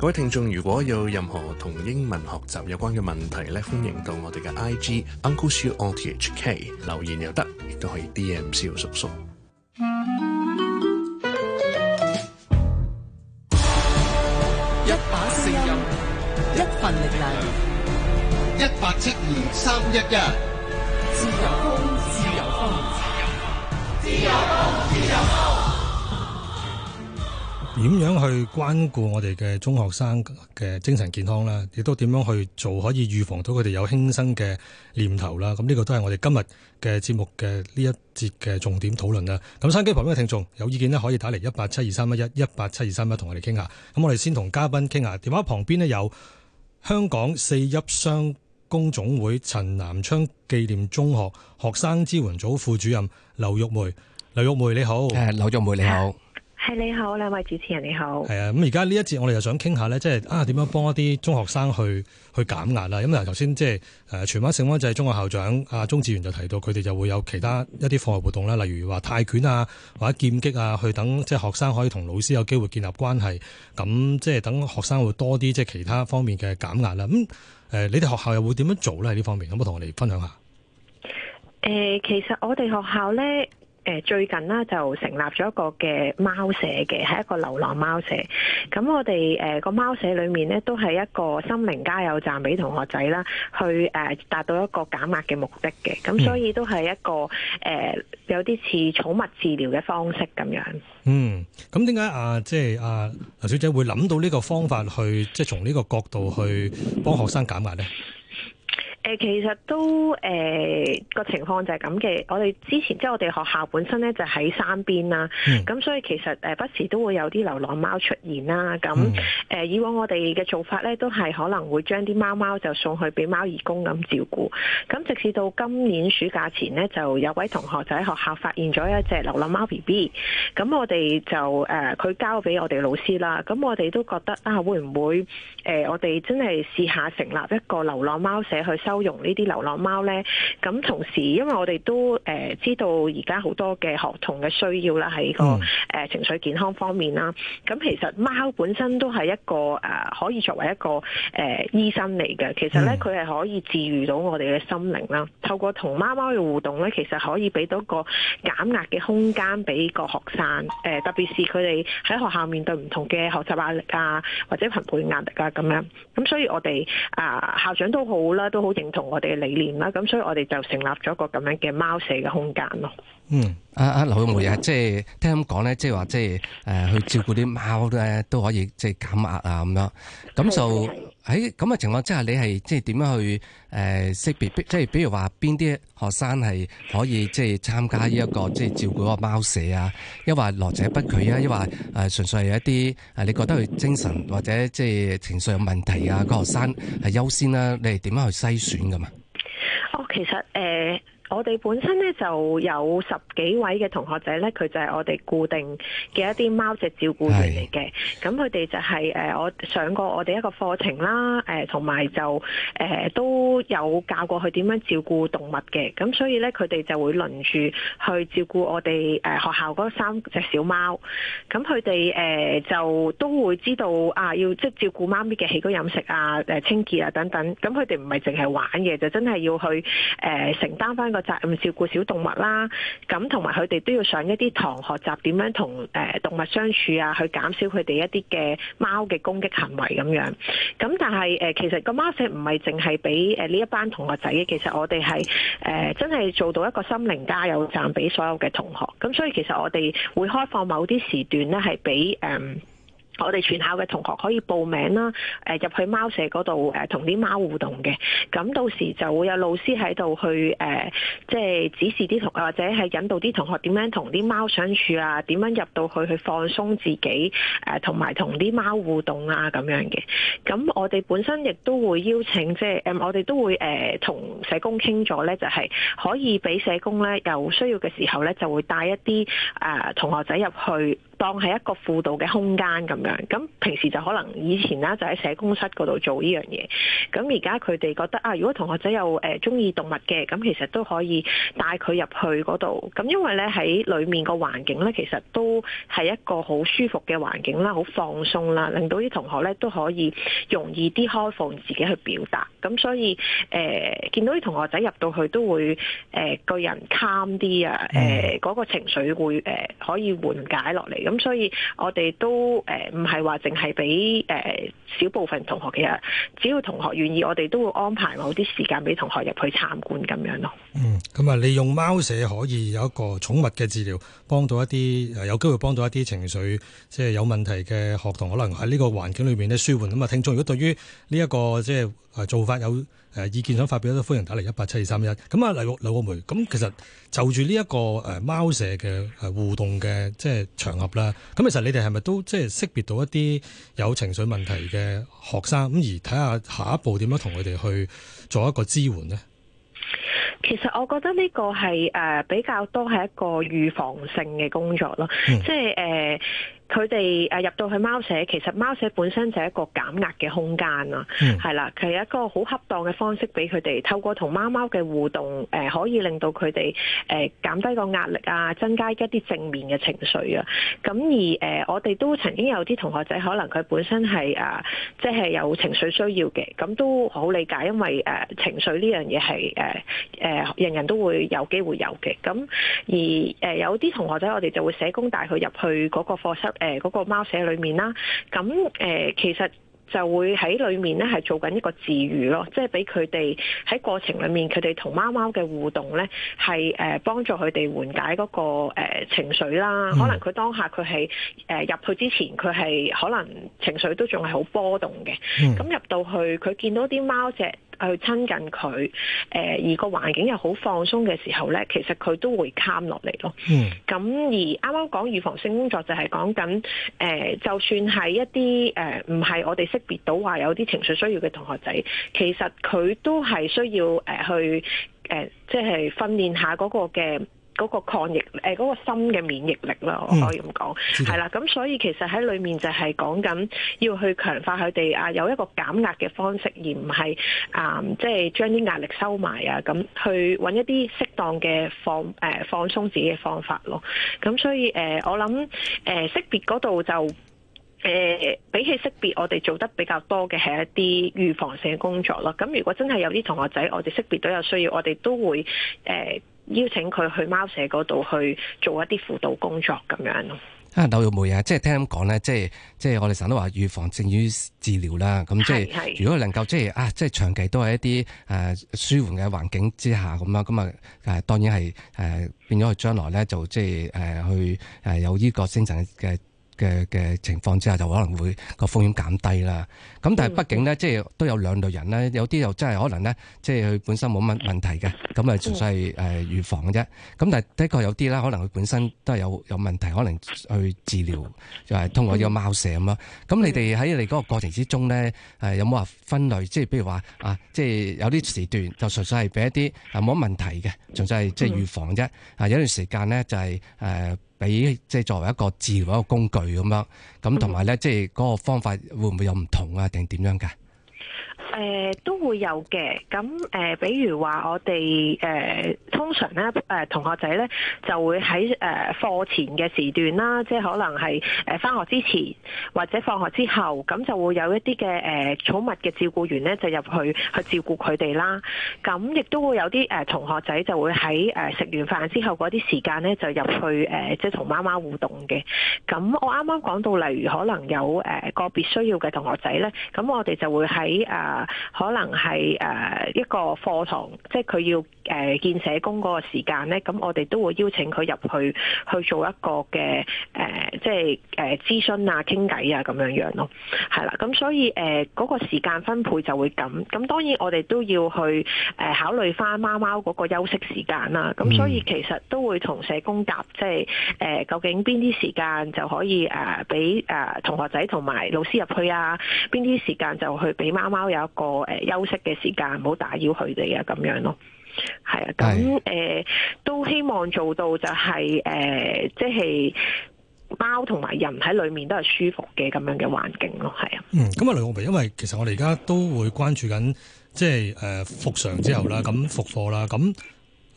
各位聽眾，如果有任何同英文學習有關嘅問題咧，歡迎到我哋嘅 I G Uncle Siu O T H K 留言又得，亦都可以 D M 蕭叔叔。一把聲音，一份力量，一八七二三一一，自由風，自由風，自由，自由風。點樣去關顧我哋嘅中學生嘅精神健康呢？亦都點樣去做可以預防到佢哋有輕生嘅念頭啦？咁、嗯、呢、這個都係我哋今日嘅節目嘅呢一節嘅重點討論啦。咁收音機旁邊嘅聽眾有意見呢，可以打嚟一八七二三一一一八七二三一，同我哋傾下。咁、嗯、我哋先同嘉賓傾下。電話旁邊呢，有香港四邑商工總會陳南昌紀念中學學生支援組副主任劉鈺梅。劉鈺梅你好，劉鈺梅你好，係你好，兩位主持人你好，係啊。咁而家呢一節我哋又想傾下咧，即係啊，點樣幫一啲中學生去去減壓啦？咁嗱，頭先即係誒，荃灣聖芳濟中學校長阿鍾志源就提到，佢哋就會有其他一啲課外活動啦，例如話泰拳啊，或者劍擊啊，去等即係學生可以同老師有機會建立關係，咁即係等學生會多啲即係其他方面嘅減壓啦。咁誒，你哋學校又會點樣做咧？喺呢方面，可唔可以同我哋分享下？誒，其實我哋學校咧。誒，最近咧就成立咗一個嘅貓舍嘅，係一個流浪貓舍。咁我哋誒個貓舍裏面咧都係一個心靈加油站俾同學仔啦，去誒達、呃、到一個減壓嘅目的嘅。咁所以都係一個誒、呃、有啲似寵物治療嘅方式咁樣。嗯，咁點解啊？即、就、係、是、啊，劉小姐會諗到呢個方法去，即係從呢個角度去幫學生減壓咧？ [LAUGHS] 誒其實都誒、呃、個情況就係咁嘅，我哋之前即係我哋學校本身咧就喺、是、山邊啦，咁、嗯、所以其實誒不時都會有啲流浪貓出現啦，咁誒、呃、以往我哋嘅做法咧都係可能會將啲貓貓就送去俾貓義工咁照顧，咁直至到今年暑假前咧就有位同學就喺學校發現咗一隻流浪貓 BB，咁我哋就誒佢、呃、交俾我哋老師啦，咁我哋都覺得啊會唔會？誒、呃，我哋真係試下成立一個流浪貓社去收容呢啲流浪貓咧。咁同時，因為我哋都誒、呃、知道而家好多嘅學童嘅需要啦，喺個誒、哦呃、情緒健康方面啦。咁、呃、其實貓本身都係一個誒、呃、可以作為一個誒、呃、醫生嚟嘅。其實咧，佢係可以治愈到我哋嘅心靈啦。透過同貓貓嘅互動咧，其實可以俾到個減壓嘅空間俾個學生。誒、呃，特別是佢哋喺學校面對唔同嘅學習壓力啊，或者朋輩壓力啊。咁樣，咁所以我哋啊校長都好啦，都好認同我哋嘅理念啦。咁所以我哋就成立咗個咁樣嘅貓舍嘅空間咯。嗯，阿阿劉鈺梅啊，即係聽講咧，即係話即係誒去照顧啲貓咧，都可以即係減壓啊咁樣。咁的就喺咁嘅情況之下，你係即係點樣去誒識別？即係比如話邊啲學生係可以即係參加呢、這、一個即係照顧個貓舍啊？抑或來者不拒啊，抑或誒純粹係一啲誒你覺得佢精神或者即係情緒有問題啊個學生係優先啦？你係點樣去篩選㗎嘛？哦，其實誒。呃我哋本身咧就有十幾位嘅同學仔咧，佢就係我哋固定嘅一啲貓隻照顧佢嚟嘅。咁佢哋就係誒我上過我哋一個課程啦，誒同埋就誒、呃、都有教過佢點樣照顧動物嘅。咁所以咧佢哋就會輪住去照顧我哋誒、呃、學校嗰三隻小貓，咁佢哋誒就都會知道啊，要即係照顧貓咪嘅起居飲食啊、誒清潔啊等等。咁佢哋唔係淨係玩嘅，就真係要去誒、呃呃、承擔翻。個責任照顧小動物啦，咁同埋佢哋都要上一啲堂學習點樣同誒、呃、動物相處啊，去減少佢哋一啲嘅貓嘅攻擊行為咁樣。咁但係誒、呃，其實個貓舍唔係淨係俾誒呢一班同學仔，其實我哋係誒真係做到一個心靈加油站俾所有嘅同學。咁所以其實我哋會開放某啲時段咧，係俾誒。我哋全校嘅同學可以報名啦，誒、啊、入去貓舍嗰度誒同啲貓互動嘅，咁到時就會有老師喺度去誒、啊，即係指示啲同學或者係引導啲同學點樣同啲貓相處啊，點樣入到去去放鬆自己，誒同埋同啲貓互動啊咁樣嘅。咁我哋本身亦都會邀請，即係誒我哋都會誒同、啊、社工傾咗咧，就係、是、可以俾社工咧有需要嘅時候咧，就會帶一啲誒、啊、同學仔入去。當係一個輔導嘅空間咁樣，咁平時就可能以前咧就喺社工室嗰度做呢樣嘢，咁而家佢哋覺得啊，如果同學仔有誒鍾意動物嘅，咁其實都可以帶佢入去嗰度，咁因為咧喺裡面個環境咧，其實都係一個好舒服嘅環境啦，好放鬆啦，令到啲同學咧都可以容易啲開放自己去表達，咁所以誒、呃、見到啲同學仔入到去都會誒、呃、個人 calm 啲啊，誒、呃、嗰、嗰個情緒會誒、呃、可以緩解落嚟。咁所以我哋都誒唔係話淨係俾誒少部分同學嘅，只要同學願意，我哋都會安排好啲時間俾同學入去參觀咁樣咯、嗯。嗯，咁、嗯、啊，利用貓舍可以有一個寵物嘅治療，幫到一啲、呃、有機會幫到一啲情緒即係、呃、有問題嘅學童，可能喺呢個環境裏面咧舒緩。咁、嗯、啊，聽眾如果對於呢、這、一個即係、呃、做法有，誒意見想發表都歡迎打嚟，一八七二三一。咁啊，黎，劉鈺梅，咁其實就住呢一個誒貓社嘅互動嘅即係場合啦，咁其實你哋係咪都即係識別到一啲有情緒問題嘅學生，咁而睇下下一步點樣同佢哋去做一個支援呢？其實我覺得呢個係誒比較多係一個預防性嘅工作咯，即係誒。就是 uh, 佢哋誒入到去貓舍，其實貓舍本身就係一個減壓嘅空間啦，係啦、嗯，佢係一個好恰當嘅方式俾佢哋透過同貓貓嘅互動，誒、呃、可以令到佢哋誒減低個壓力啊，增加一啲正面嘅情緒啊。咁而誒、呃，我哋都曾經有啲同學仔，可能佢本身係啊，即、就、係、是、有情緒需要嘅，咁都好理解，因為誒、呃、情緒呢樣嘢係誒誒人人都會有機會有嘅。咁、啊、而誒、呃、有啲同學仔，我哋就會社工帶佢入去嗰個課室。誒嗰個貓舍裏面啦，咁誒其實就會喺裏面咧係做緊一個治癒咯，即係俾佢哋喺過程裏面佢哋同貓貓嘅互動咧係誒幫助佢哋緩解嗰個誒情緒啦。可能佢當下佢係誒入去之前佢係可能情緒都仲係好波動嘅，咁、嗯、入到去佢見到啲貓隻。去親近佢，誒、呃、而個環境又好放鬆嘅時候咧，其實佢都會 calm 落嚟咯。嗯，咁而啱啱講預防性工作就係講緊，誒、呃、就算係一啲誒唔係我哋識別到話有啲情緒需要嘅同學仔，其實佢都係需要誒、呃、去誒即係訓練下嗰個嘅。嗰個抗疫誒嗰、呃那個心嘅免疫力咯，我可以咁講，係啦、嗯，咁所以其實喺裏面就係講緊要去強化佢哋啊，有一個減壓嘅方式，而唔係啊，即係將啲壓力收埋啊，咁去揾一啲適當嘅放誒、啊、放鬆自己嘅方法咯。咁、啊、所以誒、啊，我諗誒、啊、識別嗰度就誒、啊、比起識別，我哋做得比較多嘅係一啲預防性嘅工作咯。咁、啊、如果真係有啲同學仔，我哋識別到有需要，我哋都會誒。啊邀請佢去貓舍嗰度去做一啲輔導工作咁樣咯、啊是。啊，劉鈺梅啊，即係聽咁講咧，即係即係我哋成日都話預防勝於治療啦。咁即係如果能夠即係啊，即係長期都係一啲誒、呃、舒緩嘅環境之下咁啦，咁啊，當然係誒、呃、變咗佢將來咧就即係誒去誒、呃呃、有呢個精神嘅。啊嘅嘅情況之下，就可能會個風險減低啦。咁但係畢竟呢，即係都有兩類人呢，有啲又真係可能呢，即係佢本身冇乜問題嘅。咁啊，純粹係誒預防啫。咁但係的確有啲咧，可能佢本身都有有問題，可能去治療，就係通過依個貓舍咁咯。咁、嗯、你哋喺你嗰個過程之中呢，誒有冇話分類？即係譬如話啊，即係有啲時段就純粹係俾一啲冇乜問題嘅，純粹係即係預防啫。啊，有段時間呢、就是，就係誒。俾即係作為一個治療一個工具咁樣，咁同埋呢，即係嗰個方法會唔會有唔同呀？定點樣㗎？誒、呃、都會有嘅，咁誒、呃，比如話我哋誒、呃、通常咧誒、呃、同學仔咧就會喺誒課前嘅時段啦，即係可能係誒返學之前或者放學之後，咁就會有一啲嘅誒寵物嘅照顧員咧就入去去照顧佢哋啦。咁亦都會有啲誒、呃、同學仔就會喺誒食完飯之後嗰啲時間咧就入去誒、呃、即係同媽媽互動嘅。咁我啱啱講到例如可能有誒、呃呃、個別需要嘅同學仔咧，咁我哋就會喺啊～啊啊可能係誒一個課堂，即係佢要誒見社工嗰個時間咧，咁我哋都會邀請佢入去去做一個嘅誒、呃，即係誒諮詢啊、傾偈啊咁樣樣咯，係啦，咁所以誒嗰、呃嗰個時間分配就會咁，咁當然我哋都要去誒考慮翻貓貓嗰個休息時間啦，咁所以其實都會同社工夾，即係誒究竟邊啲時間就可以誒俾誒同學仔同埋老師入去啊，邊啲時間就去俾貓貓有。一個誒、呃、休息嘅時間，唔好打擾佢哋啊，咁樣咯，係啊，咁、呃、誒都希望做到就係、是、誒、呃，即係貓同埋人喺裏面都係舒服嘅咁樣嘅環境咯，係啊、嗯，嗯，咁啊雷耀平，因為其實我哋而家都會關注緊，即係誒復常之後啦，咁復課啦，咁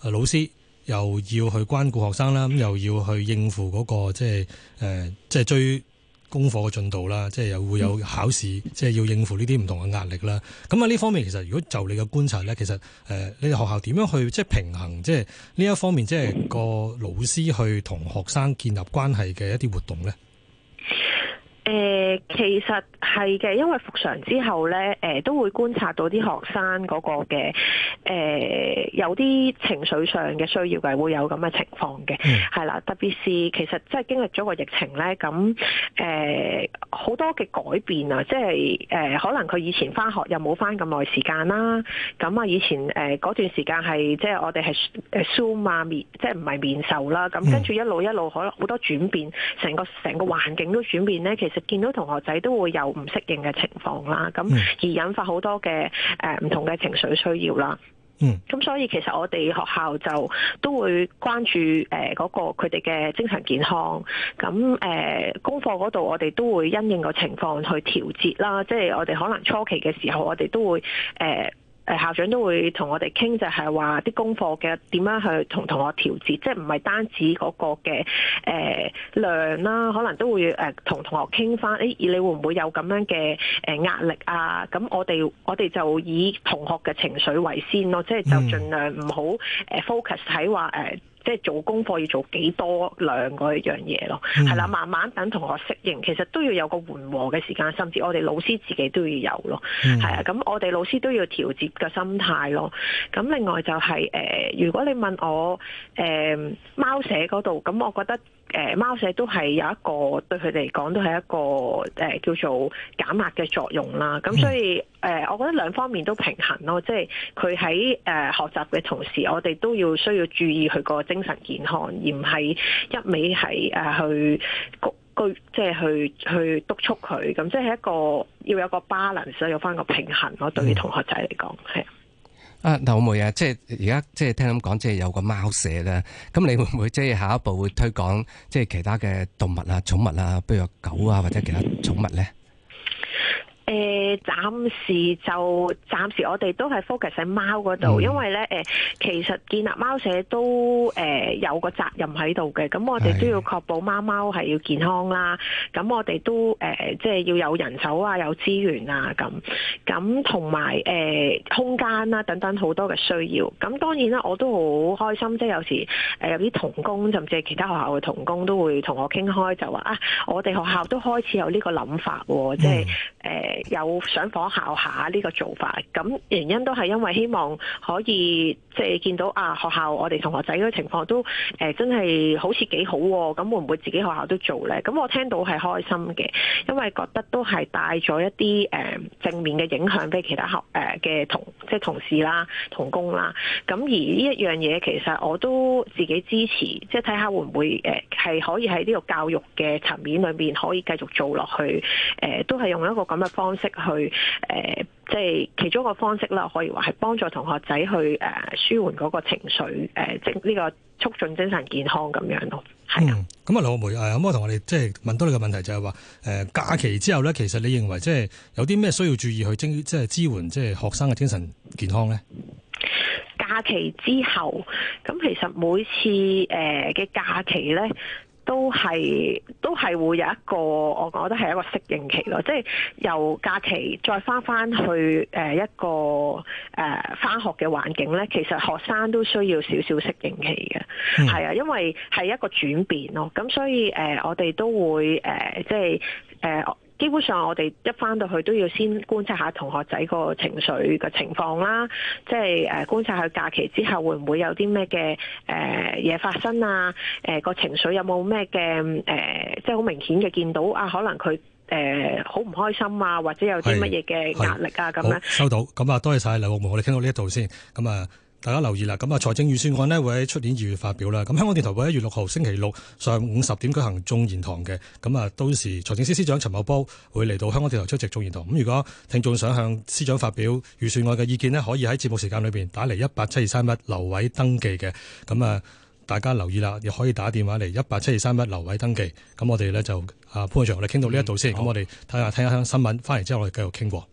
老師又要去關顧學生啦，咁又要去應付嗰、那個即係誒，即係追。呃即功課嘅進度啦，即係又會有考試，即係要應付呢啲唔同嘅壓力啦。咁啊，呢方面其實如果就你嘅觀察呢，其實誒、呃，你學校點樣去即係平衡即係呢一方面，即係個老師去同學生建立關係嘅一啲活動呢？誒其實係嘅，因為復常之後咧，誒、呃、都會觀察到啲學生嗰個嘅誒、呃、有啲情緒上嘅需要嘅，會有咁嘅情況嘅，係啦、嗯。特別是其實即係經歷咗個疫情咧，咁誒好多嘅改變啊，即係誒、呃、可能佢以前返學又冇返咁耐時間啦，咁啊以前誒嗰、呃、段時間係即係我哋係誒 Zoom 啊面，即係唔係面授啦，咁跟住一路一路可能好多轉變，成個成個環境都轉變咧，其實。見到同學仔都會有唔適應嘅情況啦，咁而引發好多嘅誒唔同嘅情緒需要啦。嗯，咁所以其實我哋學校就都會關注誒嗰個佢哋嘅精神健康。咁誒、呃、功課嗰度我哋都會因應個情況去調節啦，即係我哋可能初期嘅時候我哋都會誒。呃誒校長都會同我哋傾，就係話啲功課嘅點樣去同同學調節，即係唔係單止嗰個嘅誒、呃、量啦，可能都會誒同、呃、同學傾返，誒、欸、你會唔會有咁樣嘅誒壓力啊？咁我哋我哋就以同學嘅情緒為先咯，即係就盡量唔好誒 focus 喺話誒。呃即係做功課要做幾多量嗰一樣嘢咯，係啦， [NOISE] 慢慢等同學適應，其實都要有個緩和嘅時間，甚至我哋老師自己都要有咯，係啊，咁 [NOISE] 我哋老師都要調節個心態咯。咁另外就係、是、誒、呃，如果你問我誒貓社嗰度，咁、呃、我覺得，誒、欸、貓社都係有一個對佢哋嚟講都係一個誒、呃、叫做減壓嘅作用啦，咁所以誒、呃、我覺得兩方面都平衡咯，即係佢喺誒學習嘅同時，我哋都要需要注意佢個精神健康，而唔係一味係誒、呃、去居即係去去督促佢咁，即係一個要有個 balance 咯，有翻個平衡咯，對啲同學仔嚟講係。嗯啊，鈺梅啊，即係而家即係聽咁講，即係有個貓舍咧，咁你會唔會即係下一步會推廣即係其他嘅動物啊、寵物啊，比如話狗啊或者其他寵物咧？誒、嗯。嗯暫時就暫時我，我哋都係 focus 喺貓嗰度，因為咧誒、呃，其實建立貓舍都誒、呃、有個責任喺度嘅，咁我哋都要確保貓貓係要健康啦。咁我哋都誒、呃，即係要有人手啊，有資源啊，咁咁同埋誒空間啦、啊，等等好多嘅需要。咁當然啦，我都好開心，即係有時誒、呃、有啲同工，甚至係其他學校嘅同工都會同我傾開，就話啊，我哋學校都開始有呢個諗法、哦，嗯、即係誒、呃、有。想仿效下呢個做法，咁原因都係因為希望可以即係、就是、見到啊學校我哋同學仔嘅情況都誒、呃、真係好似幾好、啊，咁會唔會自己學校都做咧？咁我聽到係開心嘅，因為覺得都係帶咗一啲誒、呃、正面嘅影響俾其他學誒嘅、呃、同即係同事啦、同工啦。咁而呢一樣嘢其實我都自己支持，即係睇下會唔會誒係、呃、可以喺呢個教育嘅層面裏面可以繼續做落去，誒、呃、都係用一個咁嘅方式。去誒，即係其中一個方式啦，可以話係幫助同學仔去誒舒緩嗰個情緒誒、呃，即呢個促進精神健康咁樣咯。係啊，咁啊、嗯，劉鈺梅啊，咁我同我哋即係問多你個問題就，就係話誒假期之後咧，其實你認為即係有啲咩需要注意去精即係支援即係學生嘅精神健康咧？假期之後，咁其實每次誒嘅假期咧，都係都係會有一個，我覺得係一個適應期咯。即係由假期再翻翻去誒、呃、一個誒翻、呃、學嘅環境咧，其實學生都需要少少適應期嘅，係啊，因為係一個轉變咯。咁所以誒、呃，我哋都會誒、呃，即係誒。呃基本上我哋一翻到去都要先觀察下同學仔個情緒嘅情況啦，即係誒觀察下假期之後會唔會有啲咩嘅誒嘢發生啊？誒、呃、個情緒有冇咩嘅誒，即係好明顯嘅見到啊，可能佢誒好唔開心啊，或者有啲乜嘢嘅壓力啊咁樣收到，咁啊，多謝晒，劉鈺梅，我哋傾到呢一度先，咁啊。大家留意啦，咁啊，財政預算案呢會喺出年二月發表啦。咁香港電台會喺一月六號星期六上午十點舉行眾言堂嘅。咁啊，到時財政司司長陳茂波會嚟到香港電台出席眾言堂。咁如果聽眾想向司長發表預算案嘅意見呢，可以喺節目時間裏邊打嚟一八七二三一留位登記嘅。咁啊，大家留意啦，亦可以打電話嚟一八七二三一留位登記。咁我哋呢，就啊、嗯、潘耀我哋你傾到呢一度先。咁、嗯、我哋睇下聽下新聞，翻嚟之後我哋繼續傾過。